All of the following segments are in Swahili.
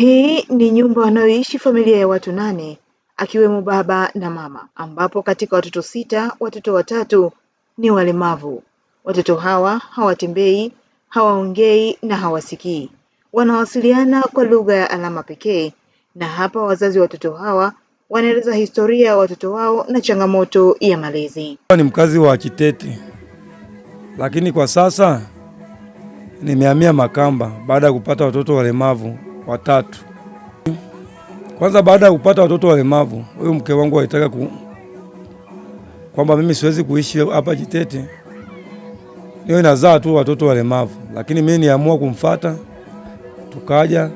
Hii ni nyumba wanayoishi familia ya watu nane akiwemo baba na mama ambapo katika watoto sita watoto watatu ni walemavu. Watoto hawa hawatembei, hawaongei na hawasikii, wanawasiliana kwa lugha ya alama pekee na hapa wazazi wa watoto hawa wanaeleza historia ya watoto wao na changamoto ya malezi. Ni mkazi wa Chitete lakini kwa sasa nimehamia Makamba baada ya kupata watoto walemavu watatu. Kwanza baada ya kupata watoto walemavu, huyu mke wangu alitaka ku kwamba mimi siwezi kuishi hapa Jitete niyo inazaa tu watoto walemavu, lakini mimi niamua kumfata, tukaja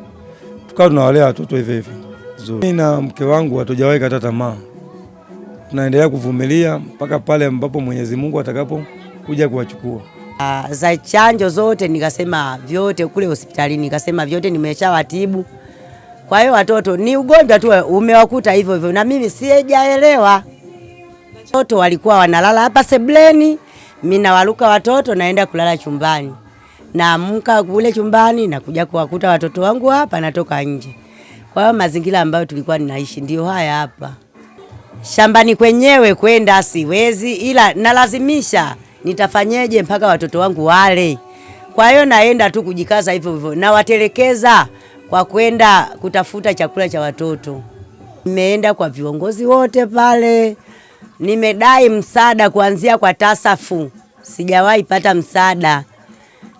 tukawa tunawalea watoto hivyo hivyo. Mimi na mke wangu hatujawahi kata tamaa, tunaendelea kuvumilia mpaka pale ambapo Mwenyezi Mungu atakapokuja kuwachukua. Uh, za chanjo zote nikasema vyote kule hospitalini nikasema vyote nimeshawatibu. Kwa hiyo watoto ni ugonjwa tu umewakuta hivyo hivyo, na mimi sijaelewa. Watoto walikuwa wanalala hapa sebleni, mimi nawaruka watoto naenda kulala chumbani, naamka kule chumbani na kuja kuwakuta watoto wangu hapa, natoka nje. Kwa hiyo mazingira ambayo tulikuwa ninaishi ndio haya hapa. Shambani kwenyewe kwenda siwezi, ila nalazimisha nitafanyeje mpaka watoto wangu wale? Kwa hiyo naenda tu kujikaza hivyo hivyo, nawatelekeza kwa kwenda kutafuta chakula cha watoto. Nimeenda kwa viongozi wote pale, nimedai msaada kuanzia kwa Tasafu, sijawahi pata msaada.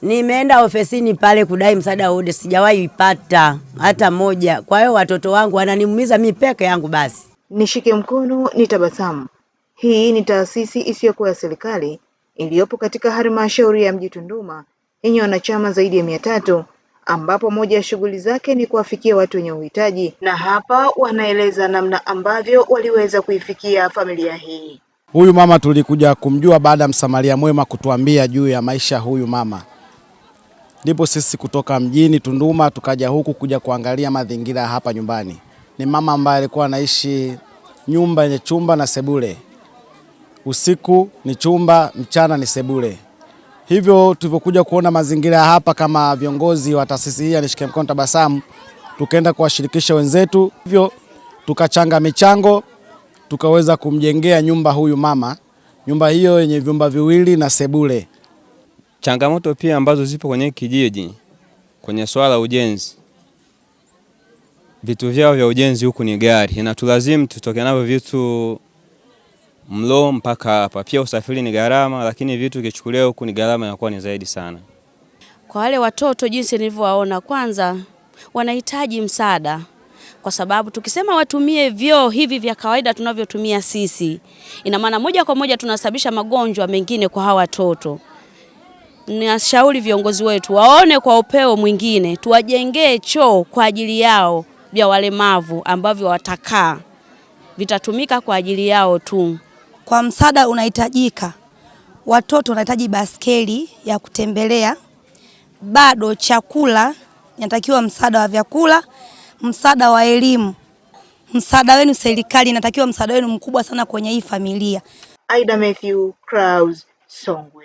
Nimeenda ofisini pale kudai msaada wote, sijawahi ipata hata moja. Kwa hiyo watoto wangu wananiumiza mimi peke yangu. Basi nishike mkono, nitabasamu. Hii ni taasisi isiyokuwa ya serikali iliyopo katika halmashauri ya mji Tunduma yenye wanachama zaidi ya mia tatu ambapo moja ya shughuli zake ni kuwafikia watu wenye uhitaji, na hapa wanaeleza namna ambavyo waliweza kuifikia familia hii. Huyu mama tulikuja kumjua baada ya msamaria mwema kutuambia juu ya maisha huyu mama, ndipo sisi kutoka mjini Tunduma tukaja huku kuja kuangalia mazingira hapa nyumbani. Ni mama ambaye alikuwa anaishi nyumba yenye chumba na sebule, usiku ni chumba, mchana ni sebule. Hivyo tulivyokuja kuona mazingira hapa kama viongozi wa taasisi hii ya Nishike Mkono Tabasamu, tukaenda kuwashirikisha wenzetu, hivyo tukachanga michango, tukaweza kumjengea nyumba huyu mama, nyumba hiyo yenye vyumba viwili na sebule. Changamoto pia ambazo zipo kwenye kijiji kwenye swala ujenzi, vitu vyao vya ujenzi huku ni gari, inatulazimu tutoke navyo vitu mlo mpaka hapa. Pia usafiri ni gharama, lakini vitu ukichukulia huku ni gharama inakuwa ni zaidi sana. Kwa wale watoto, jinsi nilivyowaona, kwanza wanahitaji msaada kwa sababu tukisema watumie vyoo hivi vya kawaida tunavyotumia sisi, ina maana moja kwa moja tunasababisha magonjwa mengine kwa hawa watoto. Nashauri viongozi wetu waone kwa upeo mwingine, tuwajengee choo kwa ajili yao vya walemavu ambavyo watakaa, vitatumika kwa ajili yao tu. Kwa msaada unahitajika, watoto wanahitaji baskeli ya kutembelea, bado chakula inatakiwa, msaada wa vyakula, msaada wa elimu, msaada wenu serikali inatakiwa, msaada wenu mkubwa sana kwenye hii familia. Aida Matthew Clouds, Songwe.